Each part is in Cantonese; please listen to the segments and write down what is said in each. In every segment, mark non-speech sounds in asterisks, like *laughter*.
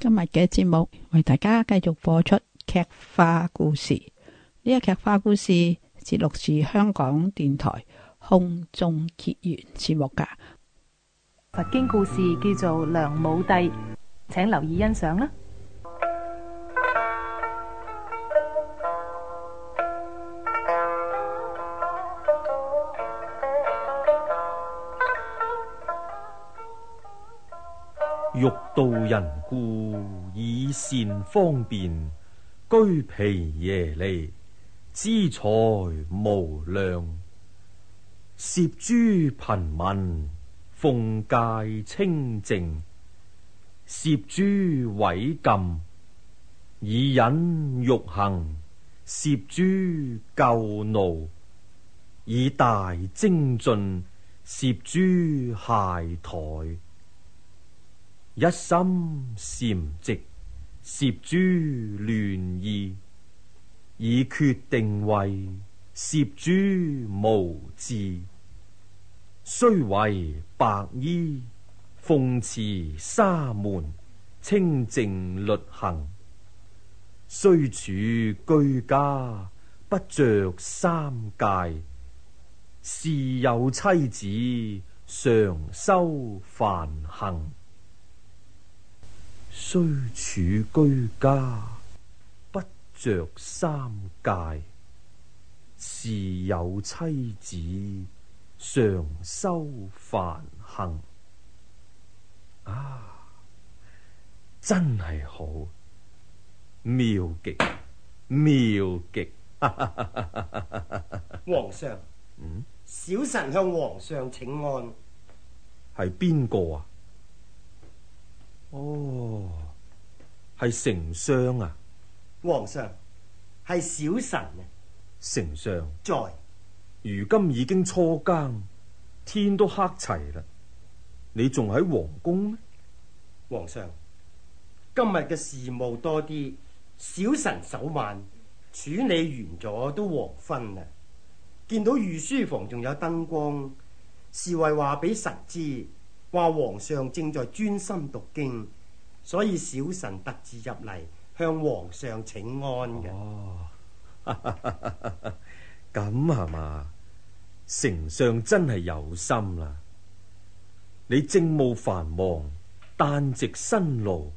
今日嘅節目為大家繼續播出劇化故事，呢個劇化故事節錄是香港電台空中結緣節目噶佛經故事，叫做梁武帝，請留意欣賞啦。欲渡人故。以善方便居皮耶利，資財無量，攝諸貧民，奉戒清淨，攝諸毀禁，以忍欲行，攝諸舊怒，以大精進，攝諸懈怠，一心禪寂。攝諸亂意，以決定為；攝諸無智，雖為白衣，奉持沙門清淨律行。雖處居家，不着三界。事有妻子，常修梵行。雖處居家，不着三界，是有妻子，常修梵行。啊，真係好妙極，妙極！妙極 *laughs* 皇上，嗯，小臣向皇上請安。係邊個啊？哦，係丞相啊！皇上，係小臣啊！丞相在，如今已經初更，天都黑齊啦。你仲喺皇宮咩？皇上，今日嘅事務多啲，小臣手慢，處理完咗都黃昏啦。見到御書房仲有燈光，侍衛話俾臣知。話皇上正在專心讀經，所以小臣特自入嚟，向皇上請安嘅。哦，咁係嘛？丞相真係有心啦！你政務繁忙，單直身勞，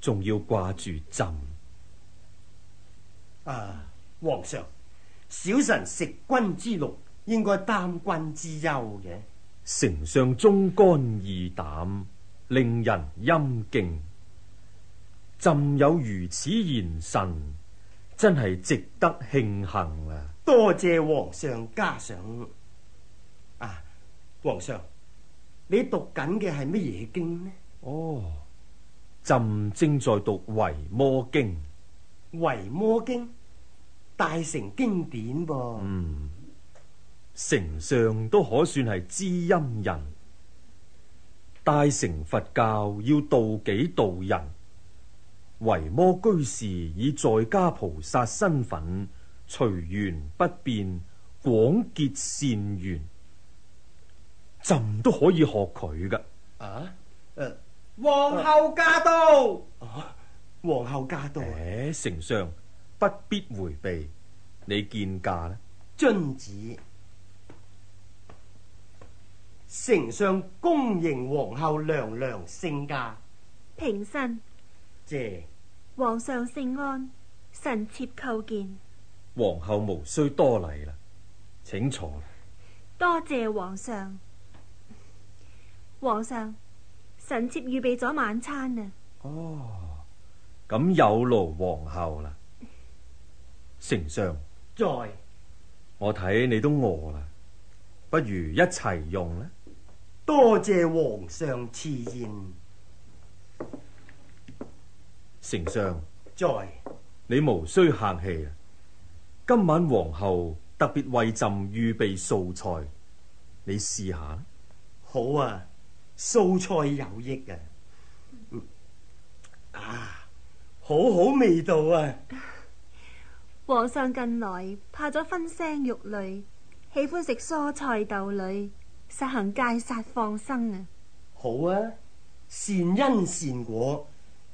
仲要掛住朕。啊，皇上，小臣食君之祿，應該擔君之憂嘅。丞相忠肝義膽，令人欽敬。朕有如此賢臣，真係值得慶幸啦，啊！多謝皇上嘉賞。啊，皇上，你讀緊嘅係乜嘢經呢？哦，朕正在讀《維摩經》。維摩經大乘經典噃，啊。嗯。丞相都可算係知音人，大乘佛教要度己度人，維摩居士以在家菩薩身份隨緣不變，廣結善緣，朕都可以學佢噶。啊？皇、呃、后駕到。皇、啊、后駕到。誒、啊，丞、欸、相不必回避，你見駕啦。遵旨。丞相恭迎皇后娘娘聖駕，平身。謝皇上聖安，臣妾叩見。皇后無需多禮啦，請坐。多謝皇上。皇上，臣妾預備咗晚餐啊。哦，咁有勞皇后啦，丞相。在。我睇你都餓啦，不如一齊用呢。多謝皇上賜宴，丞相，再你無需客氣啦。今晚皇后特別為朕預備素菜，你試下。好啊，素菜有益啊。啊，好好味道啊！皇上近來怕咗葷腥肉類，喜歡食蔬菜豆類。實行戒殺放生啊！好啊，善因善果，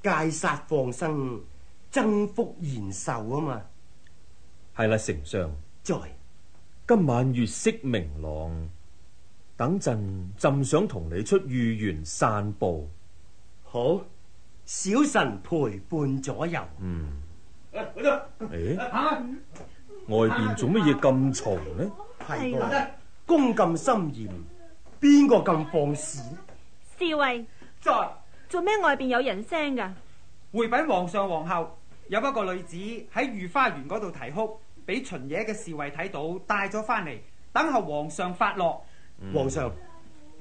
戒殺放生，增福延壽啊嘛！係啦、啊，丞相在。再今晚月色明朗，等陣朕想同你出御園散步。好，小臣陪伴左右。嗯。哎，等、哎啊、外邊做乜嘢咁嘈呢？係啦、啊。宮禁深嚴，邊個咁放肆？侍衛衞在，再做咩外邊有人聲噶？回禀皇上皇后，有一個女子喺御花園嗰度啼哭，俾巡夜嘅侍衛睇到，帶咗翻嚟，等候皇上發落。嗯、皇上，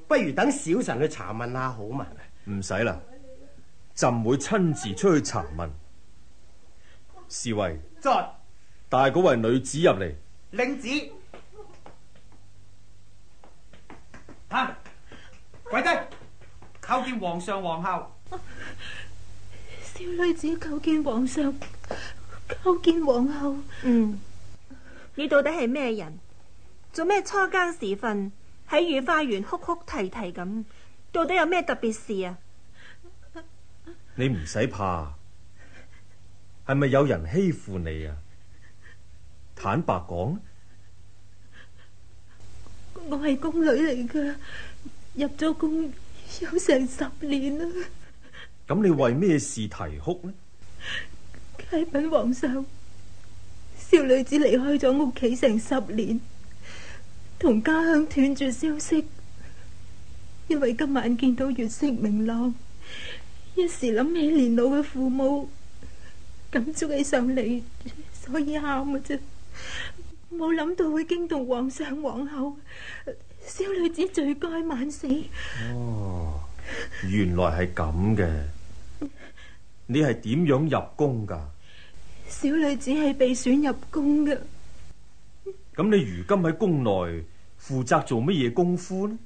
不如等小臣去查問下好嘛？唔使啦，朕會親自出去查問。侍衛在，帶嗰再位女子入嚟。領旨。啊！跪低，叩見皇上皇后。小女子叩見皇上，叩見皇后。嗯，你到底係咩人？做咩初更時分喺御花園哭哭啼啼咁？到底有咩特別事啊？你唔使怕，係咪有人欺負你啊？坦白講。我係宮女嚟噶，入咗宮有成十年啦。咁你為咩事啼哭呢？啟稟皇上，小女子離開咗屋企成十年，同家鄉斷絕消息。因為今晚見到月色明朗，一時諗起年老嘅父母，感觸起上嚟，所以喊噶啫。冇諗到會驚動皇上皇后，小女子罪該萬死哦。原來係咁嘅，你係點樣入宮噶？小女子係被選入宮噶。咁你如今喺宮內負責做乜嘢功夫呢？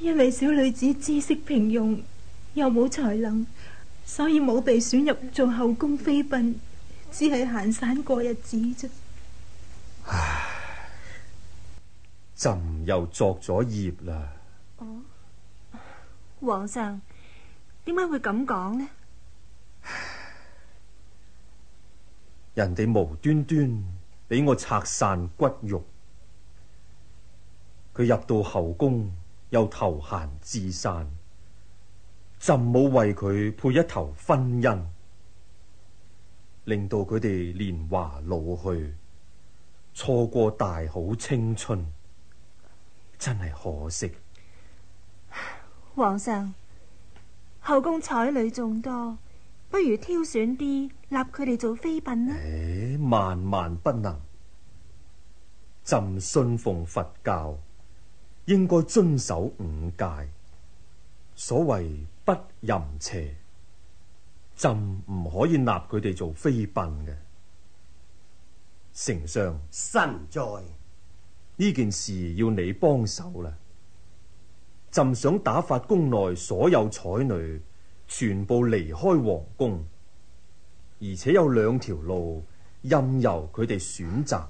因為小女子知識平庸，又冇才能，所以冇被選入做後宮妃嬪，只係閒散過日子啫。朕又作咗孽啦！哦，皇上，點解會咁講呢？人哋無端端俾我拆散骨肉，佢入到後宮又投閒置散，朕冇為佢配一頭婚姻，令到佢哋年華老去，錯過大好青春。真係可惜，皇上，後宮彩女眾多，不如挑選啲立佢哋做妃嬪啦。萬萬、哎、不能，朕信奉佛教，應該遵守五戒，所謂不淫邪，朕唔可以立佢哋做妃嬪嘅。丞相，臣在。呢件事要你幫手啦！朕想打發宮內所有彩女，全部離開皇宮，而且有兩條路任由佢哋選擇。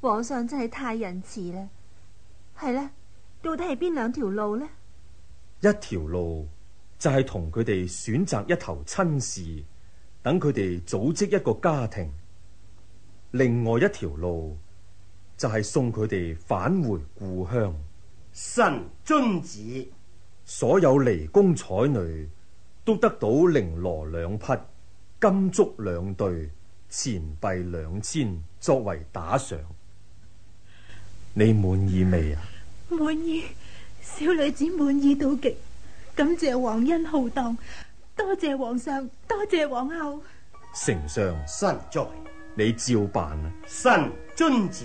皇上真係太仁慈啦，係啦，到底係邊兩條路呢？一條路就係同佢哋選擇一頭親事，等佢哋組織一個家庭；另外一條路，就係送佢哋返回故鄉。臣遵旨，所有離宮彩女都得到綾羅兩匹、金竹兩對、錢幣兩千作為打賞。你滿意未啊？滿意，小女子滿意到極。感謝皇恩浩蕩，多謝皇上，多謝皇后。丞相身在，你照辦啦。臣遵旨。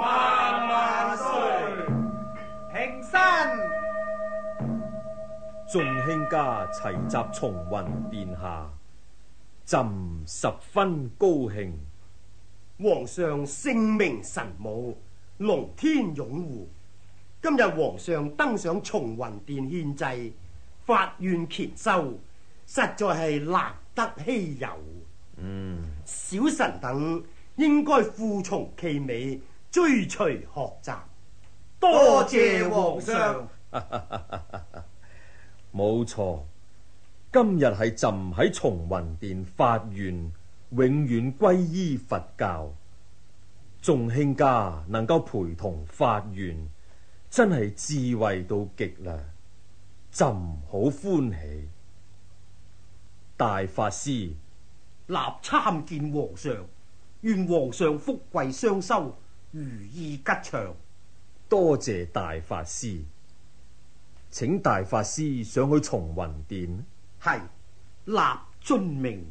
萬萬歲！平身！眾卿家齊集崇雲殿下，朕十分高興。皇上聖明神武，龍天擁護。今日皇上登上崇雲殿獻祭，發願虔修，實在係難得稀有。嗯，小臣等應該附從其美。追隨學習，多謝皇上。冇錯， *laughs* 今日係朕喺崇雲殿發願，永遠皈依佛教。眾卿家能夠陪同發願，真係智慧到極啦！朕好歡喜，大法師。立參見皇上，願皇上福貴雙收，如意吉祥，多謝大法師，請大法師上去崇雲殿。係，立遵命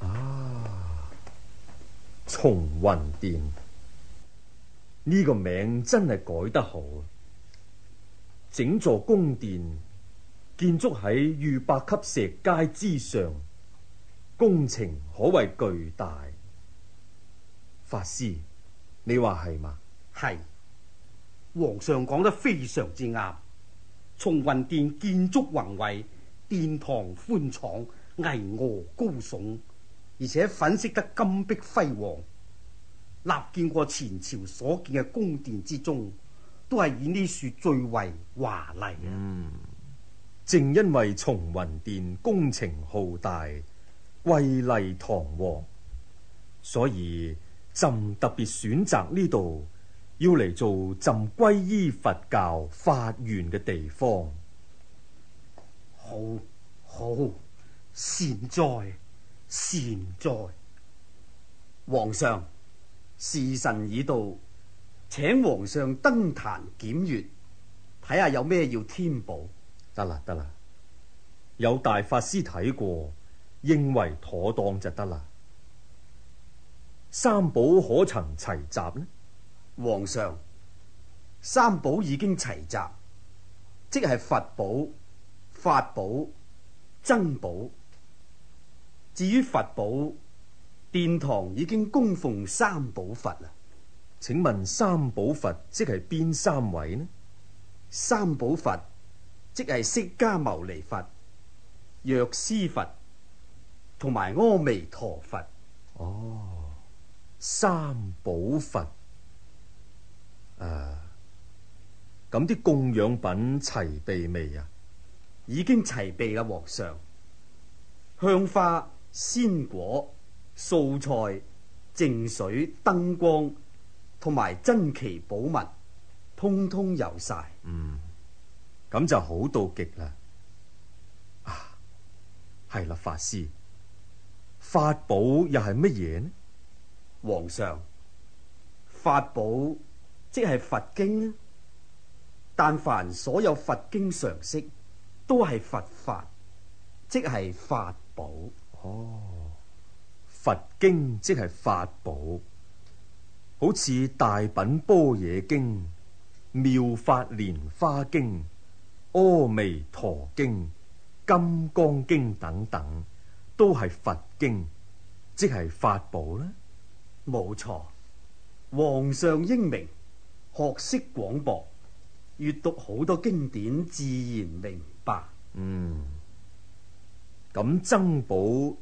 啊！崇雲殿呢個名真係改得好，整座宮殿建築喺御百級石階之上。工程可謂巨大，法師，你話係嘛？係，皇上講得非常之啱。崇雲殿建築宏偉，殿堂寬敞，巍峨高聳，而且粉飾得金碧輝煌。立見過前朝所建嘅宮殿之中，都係以呢樹最為華麗。嗯，正因為崇雲殿工程浩大，貴麗堂皇，所以朕特別選擇呢度要嚟做朕皈依佛教發願嘅地方。好，好，善哉善哉，皇上時辰已到，請皇上登壇檢閱，睇下有咩要添補。得啦得啦，有大法師睇過。認為妥當就得啦。三寶可曾齊集呢？皇上，三寶已經齊集，即係佛寶、法寶、珍寶。至於佛寶，殿堂已經供奉三寶佛啦。請問三寶佛即係邊三位呢？三寶佛即係釋迦牟尼佛、藥師佛。同埋阿彌陀佛，哦，三寶佛，誒、呃，咁啲供養品齊備未啊？已經齊備啦，皇上。香花、鮮果、素菜、淨水、燈光，同埋珍奇寶物，通通有晒。嗯，咁就好到極啦。啊，係啦，法師。法寶又係乜嘢呢？皇上，法寶即係佛經，但凡所有佛經常識都係佛法，即係法寶。哦，佛經即係法寶，好似大品般若經、妙法蓮花經、阿彌陀經、金剛經等等。都係佛經，即係法寶啦。冇錯，皇上英明，學識廣博，閱讀好多經典，自然明白。嗯，咁僧寶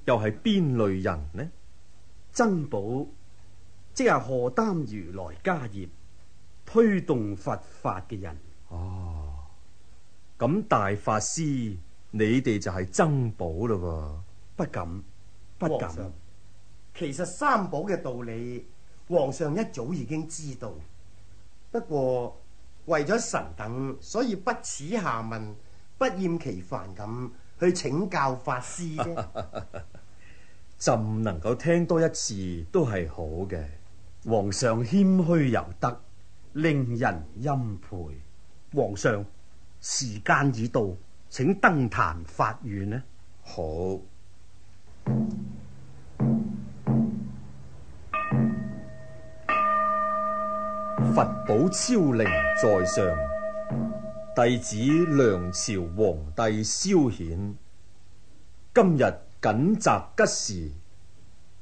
又係邊類人呢？僧寶即係荷擔如來家業，推動佛法嘅人。哦，咁大法師，你哋就係僧寶啦噃。不敢，不敢。其實三寶嘅道理，皇上一早已經知道。不過為咗神等，所以不恥下問，不厭其煩咁去請教法師啫。 *laughs* 朕能夠聽多一次都係好嘅。皇上謙虛有德，令人欽佩。皇上，時間已到，請登壇發願啦。好。佛寶超靈在上，弟子梁朝皇帝蕭衍。今日謹擇吉時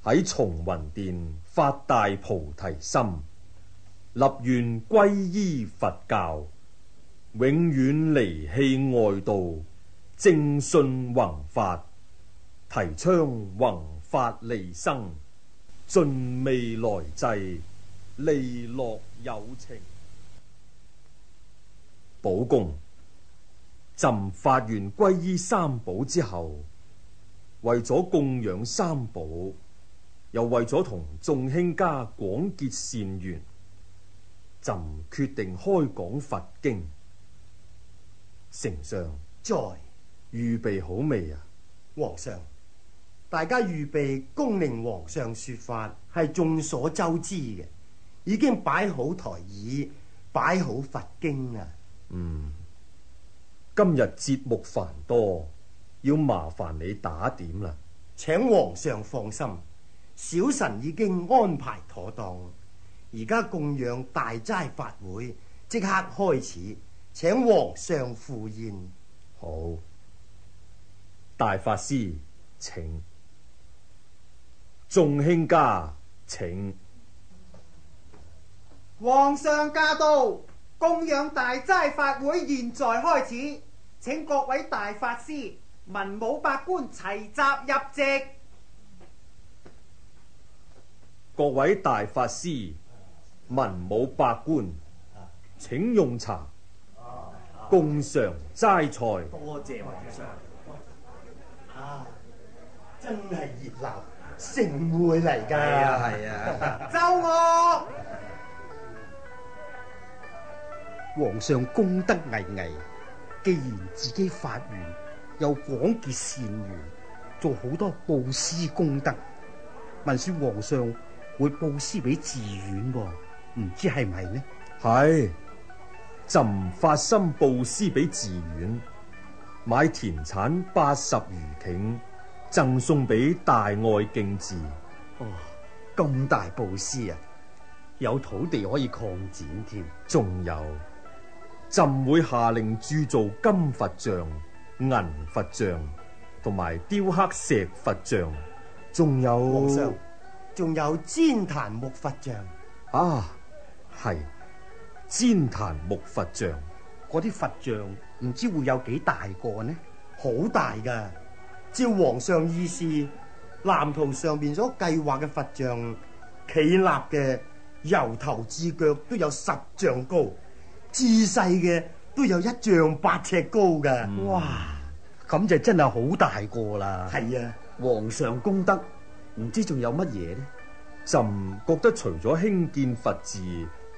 喺崇雲殿發大菩提心，立願皈依佛教，永遠離棄外道，正信宏法。提倡宏法利生，盡未來際，利樂有情。寶公，朕發完皈依三寶之後，為咗供養三寶，又為咗同眾卿家廣結善緣，朕決定開講佛經。丞相，再預備好未啊？皇上。大家預備恭迎皇上說法，係眾所周知嘅，已經擺好台椅，擺好佛經啦。嗯，今日節目繁多，要麻煩你打點啦。請皇上放心，小臣已經安排妥當。而家供養大齋法會即刻開始，請皇上赴宴。好，大法師，請。眾卿家，請皇上駕到，供養大齋法會現在開始，請各位大法師、文武百官齊集入席。各位大法師、文武百官，請用茶，共嘗齋菜。多謝皇上，啊，真係熱鬧。盛會嚟噶，係啊，係啊。 *laughs* 我， *laughs* 皇上功德巍巍。既然自己發願又廣結善緣，做好多布施功德，聞說皇上會布施俾寺院，啊，唔知係咪呢？係，朕發心布施俾寺院，買田產八十餘頃。贈送俾大愛敬寺。哦，哇！咁大布施啊，有土地可以擴展添，仲有朕會下令鑄造金佛像、銀佛像，同埋雕刻石佛像，仲有皇上，仲有旃檀木佛像啊！係旃檀木佛像，嗰啲、啊、佛像唔知會有幾大個呢？好大㗎！照皇上意思，藍圖上面所計劃嘅佛像，企立嘅由頭至腳都有十丈高，至細嘅都有一丈八尺高嘅、嗯、哇！咁就真係好大個啦。係啊，皇上功德唔知仲有乜嘢咧？朕覺得除咗興建佛寺、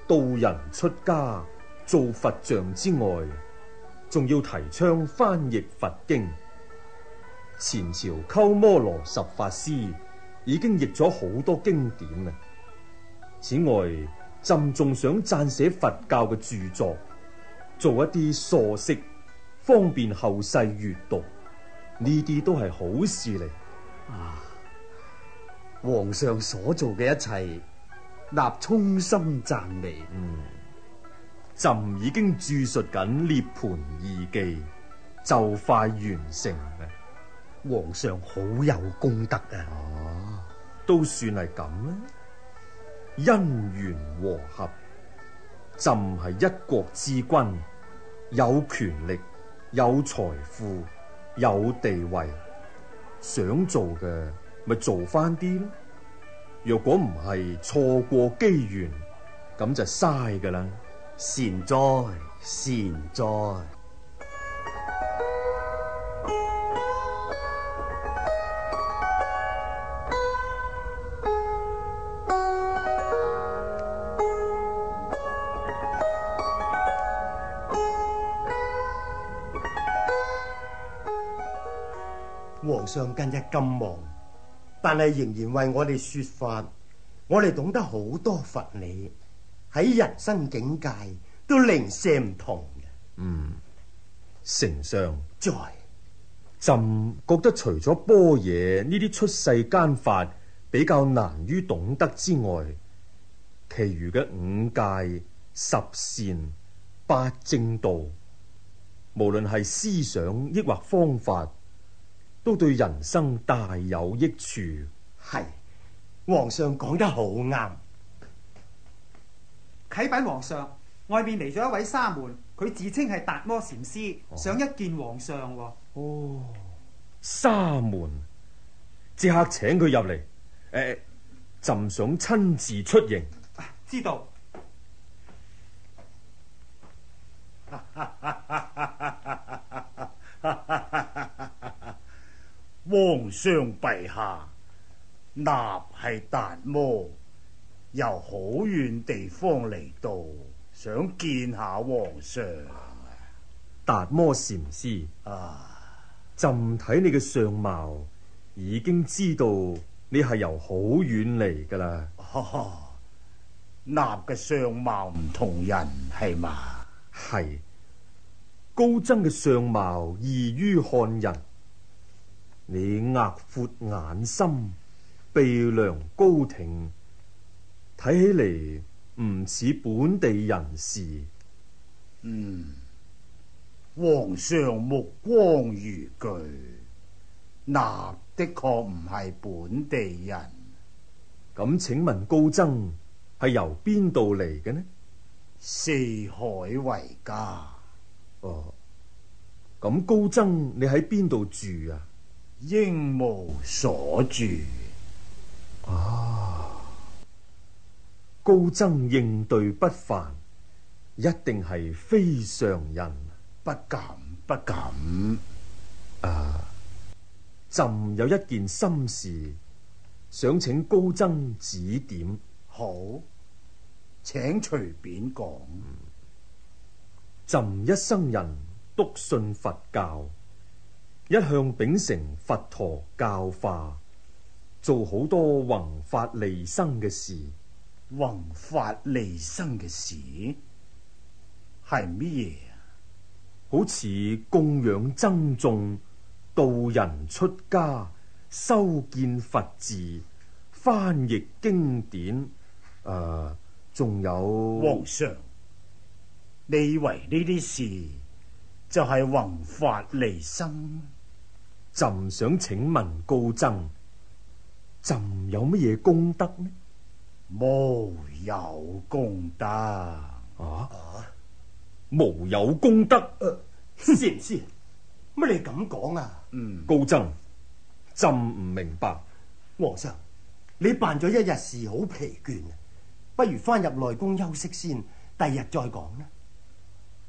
度人出家、造佛像之外，仲要提倡翻譯佛經。前朝鳩摩羅什法師已經譯咗好多經典啊！此外，朕仲想撰寫佛教嘅著作，做一啲疏釋，方便後世閱讀。呢啲都係好事嚟啊！皇上所做嘅一切，立衷心讚美。嗯，朕已經注述緊《涅盤義記》，就快完成。皇上好有功德啊！啊，都算係咁啦，姻緣和合。朕係一國之君，有權力、有財富、有地位，想做嘅咪做翻啲咯。若果唔係錯過機緣，咁就嘥噶啦。善哉，善哉。近日咁忙，但係仍然為我哋說法。我哋懂得好多佛理，喺人生境界都零舍唔同嘅。嗯，丞相，在再朕覺得除咗般若呢啲出世間法比較難於懂得之外，其餘嘅五戒十善、八正道，無論係思想抑或方法，都對人生大有益處。係，皇上講得好啱。啟稟皇上，外面嚟咗一位沙門，佢自稱係達摩禪師，哦、想一見皇上。哦，沙門，即刻請佢入嚟。誒、呃，朕想親自出迎。知道。 *laughs* 皇上陛下，衲係達摩，由好遠地方嚟到，想見下皇上。達摩禪師啊，朕睇你嘅相貌，已經知道你係由好遠嚟㗎喇。哈哈、啊，衲嘅相貌唔同人係嘛？係，高僧嘅相貌異於漢人。你額闊眼深，鼻梁高挺，睇起嚟唔似本地人士。嗯，皇上目光如炬，那的確唔係本地人。咁、嗯，請問高僧係由邊度嚟嘅呢？四海為家。哦、咁、嗯、高僧，你喺邊度住啊？應無所住啊！高僧應對不凡，一定係非常人。不敢，不敢。啊！朕有一件心事，想請高僧指點。好，請隨便講。朕一生人篤信佛教。一向秉承佛陀教化，做好多宏法利生嘅事。宏法利生嘅事係咩？好似供養僧眾、度人出家、修建佛寺、翻譯經典，誒、呃，仲有皇上，Sir, 你以為呢啲事就係宏法利生？朕想請問高僧，朕有乜嘢功德呢？無有功德啊！無有功德，先唔先？乜你咁講啊？嗯，高僧，朕唔明白。皇上，你辦咗一日事，好疲倦，不如翻入內宮休息先，第二日再講呢？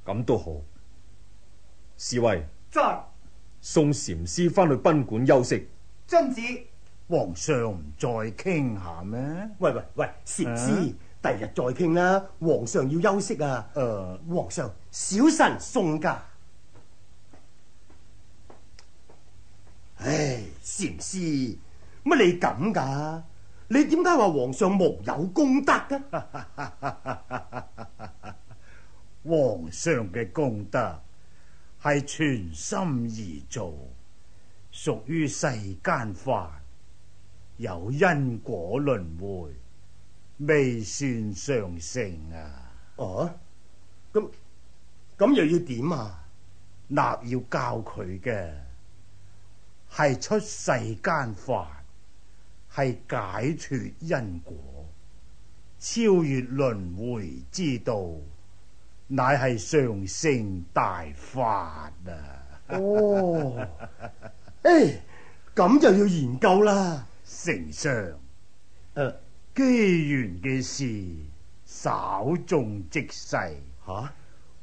咁都好，侍衛。送禪師翻去賓館休息。真子，皇上唔再傾下咩？喂喂喂，禪師，第日、啊、再傾啦。皇上要休息啊。誒、呃，皇上，小臣送噶。唉、哎，禪師，乜你咁噶？你點解話皇上無有功德嘅？ *laughs* 皇上嘅功德。係全心而做，屬於世間法，有因果輪回，未算上乘啊！哦，咁咁又要點啊？立要教佢嘅係出世間法，係解脫因果、超越輪回之道。乃係上乘大法啊！ *laughs* 哦，誒，咁就要研究啦，丞相。誒，機緣嘅事，稍縱即逝。吓，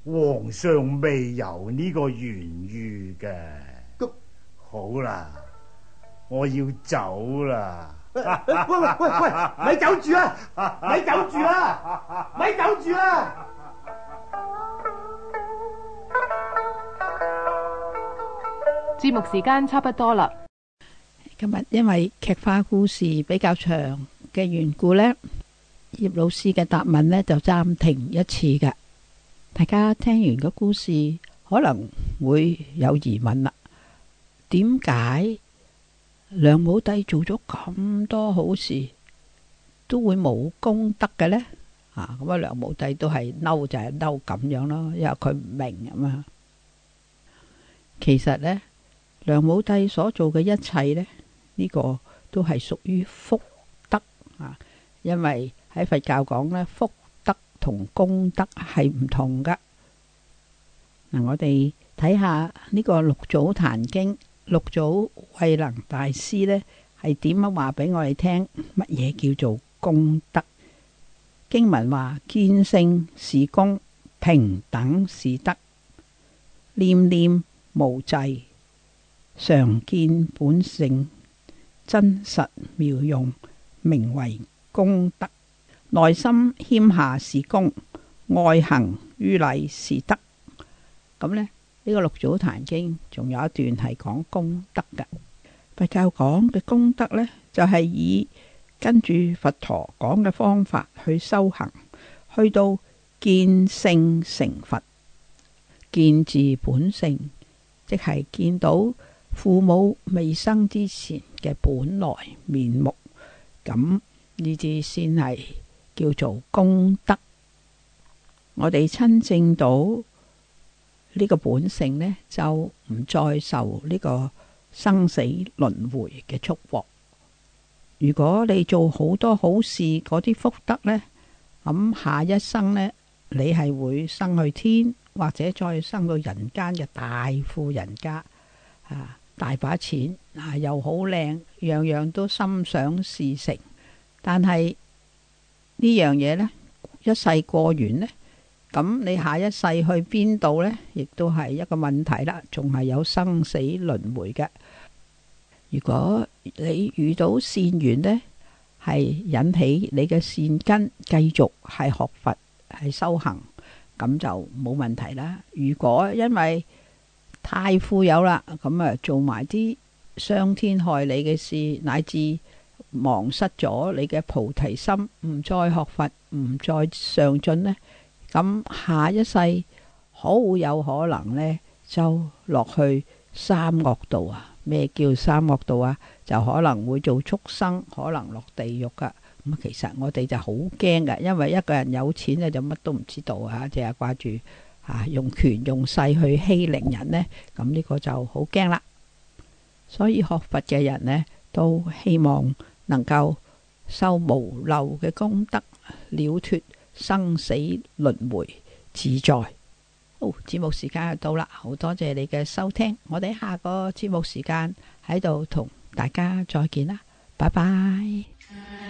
皇上未有呢個緣遇嘅。咁那好啦，我要走， *laughs* 走，走啦。喂喂喂喂，咪走住啊！咪走住啊！咪走住啊！節目時間差不多啦，今日因為劇花故事比較長嘅緣故咧，葉老師嘅答問咧就暫停一次嘅。大家聽完個故事可能會有疑問啦，點解梁武帝做咗咁多好事都會冇功德嘅咧？啊，咁啊，梁武帝都係嬲就係嬲咁樣咯，因為佢唔明啊嘛。其實咧。梁武帝所做嘅一切咧，呢個都係屬於福德啊。因為喺佛教講咧，福德同功德係唔同噶。嗱，我哋睇下呢個六祖壇經，六祖慧能大師咧係點樣話俾我哋聽乜嘢叫做功德？經文話：見性是功，平等是德，念念無際。常見本性真實妙用，名為功德。內心謙下是功，外行於禮是德。咁呢，呢、呢個六祖壇經仲有一段係講功德嘅，佛教講嘅功德呢，就係、是、以跟住佛陀講嘅方法去修行，去到見性成佛，見自本性，即係見到，父母未生之前嘅本來面目，咁呢啲先係叫做功德。我哋親證到呢個本性呢，就唔再受呢個生死輪迴嘅束縛。如果你做好多好事，嗰啲福德呢，咁下一生呢，你係會生去天，或者再生到人間嘅大富人家啊！大把錢，嗱又好靚，樣樣都心想事成。但係呢樣嘢呢，一世過完呢，咁你下一世去邊度呢？亦都係一個問題啦。仲係有生死輪回嘅。如果你遇到善緣呢，係引起你嘅善根，繼續係學佛係修行，咁就冇問題啦。如果因為，太富有啦，咁啊做埋啲傷天害理嘅事，乃至忘失咗你嘅菩提心，唔再學佛，唔再上進呢。咁下一世好有可能呢，就落去三惡道啊！咩叫三惡道啊？就可能會做畜生，可能落地獄噶啊。咁其實我哋就好驚噶，因為一個人有錢呢就乜都唔知道啊，淨係掛住。啊！用權用勢去欺凌人呢，咁呢個就好驚啦。所以學佛嘅人呢，都希望能夠修無漏嘅功德，了脫生死輪迴，自在。好，節目時間就到啦，好多謝你嘅收聽，我哋下個節目時間喺度同大家再見啦，拜拜。